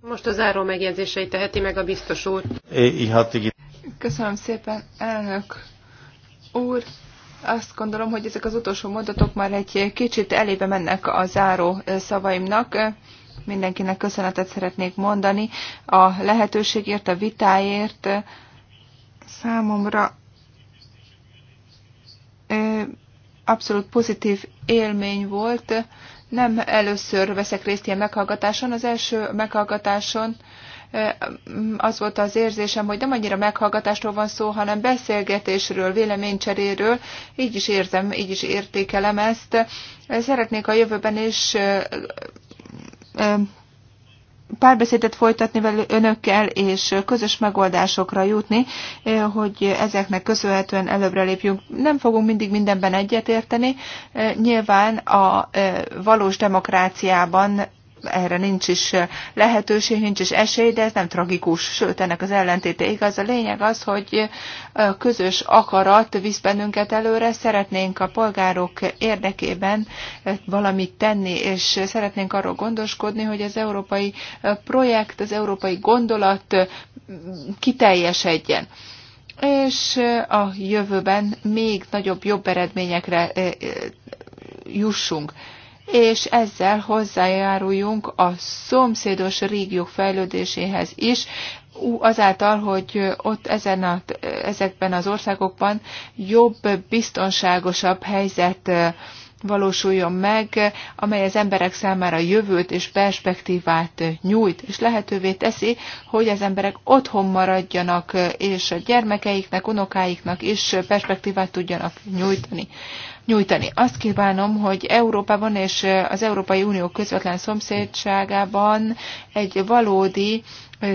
Most a záró megjegyzéseit teheti meg a biztos úr. Köszönöm szépen, elnök úr. Azt gondolom, hogy ezek az utolsó mondatok már egy kicsit elébe mennek a záró szavaimnak. Mindenkinek köszönetet szeretnék mondani a lehetőségért, a vitáért. Számomra abszolút pozitív élmény volt nem először veszek részt ilyen meghallgatáson. Az első meghallgatáson az volt az érzésem, hogy nem annyira meghallgatásról van szó, hanem beszélgetésről, véleménycseréről. Így is érzem, így is értékelem ezt. Szeretnék a jövőben is párbeszédet folytatni velük önökkel, és közös megoldásokra jutni, eh, hogy ezeknek köszönhetően előbbre lépjünk. Nem fogunk mindig mindenben egyetérteni. Eh, nyilván a eh, valós demokráciában erre nincs is eh, lehetőség, nincs is esély, de ez nem tragikus, sőt, ennek az ellentéte igaz. A lényeg az, hogy eh, közös akarat visz bennünket előre, szeretnénk a polgárok érdekében eh, valamit tenni, és szeretnénk arról gondoskodni, hogy az európai projekt, az európai gondolat kiteljesedjen és a jövőben még nagyobb, jobb eredményekre jussunk és ezzel hozzájáruljunk a szomszédos régiók fejlődéséhez is, azáltal, hogy ott ezen a, ezekben az országokban jobb, biztonságosabb helyzet valósuljon meg, amely az emberek számára jövőt és perspektívát nyújt, és lehetővé teszi, hogy az emberek otthon maradjanak, és a gyermekeiknek, unokáiknak is perspektívát tudjanak nyújtani. nyújtani. Azt kívánom, hogy Európában és az Európai Unió közvetlen szomszédságában egy valódi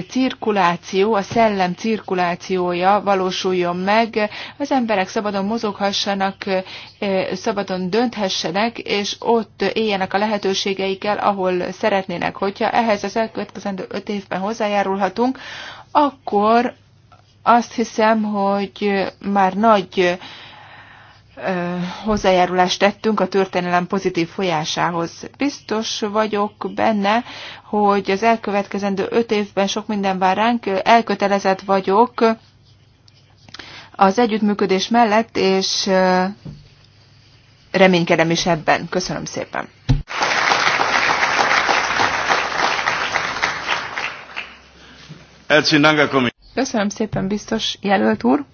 cirkuláció, a szellem cirkulációja valósuljon meg, az emberek szabadon mozoghassanak, szabadon dönthessenek, és ott éljenek a lehetőségeikkel, ahol szeretnének. Hogyha ehhez az elkövetkezendő öt évben hozzájárulhatunk, akkor azt hiszem, hogy már nagy hozzájárulást tettünk a történelem pozitív folyásához. Biztos vagyok benne, hogy az elkövetkezendő öt évben sok minden vár ránk, elkötelezett vagyok az együttműködés mellett, és reménykedem is ebben. Köszönöm szépen! Köszönöm szépen, biztos jelölt úr!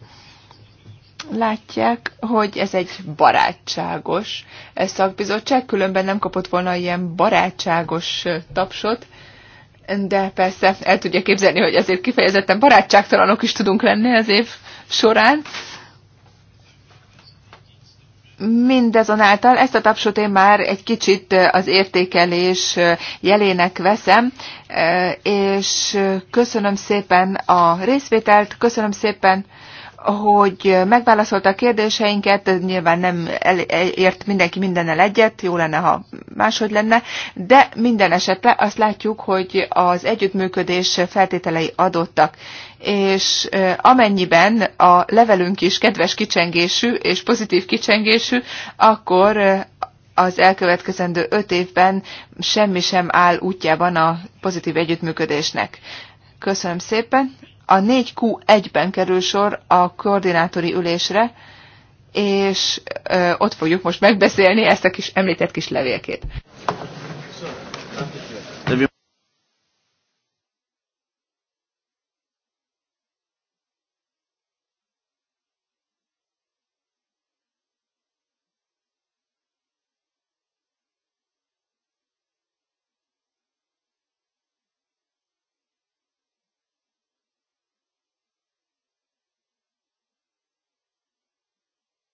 látják, hogy ez egy barátságos eh, szakbizottság, különben nem kapott volna ilyen barátságos eh, tapsot, de persze el tudja képzelni, hogy azért kifejezetten barátságtalanok is tudunk lenni az év során. Mindezonáltal ezt a tapsot én már egy kicsit eh, az értékelés jelének veszem, és köszönöm szépen a részvételt, köszönöm szépen hogy megválaszolta a kérdéseinket, nyilván nem ért mindenki mindennel egyet, jó lenne, ha máshogy lenne, de minden esetre azt látjuk, hogy az együttműködés feltételei adottak, és amennyiben a levelünk is kedves kicsengésű és pozitív kicsengésű, akkor az elkövetkezendő öt évben semmi sem áll útjában a pozitív együttműködésnek. Köszönöm szépen! a 4Q1-ben kerül sor a koordinátori ülésre, és ö, ott fogjuk most megbeszélni ezt a kis említett kis levélkét.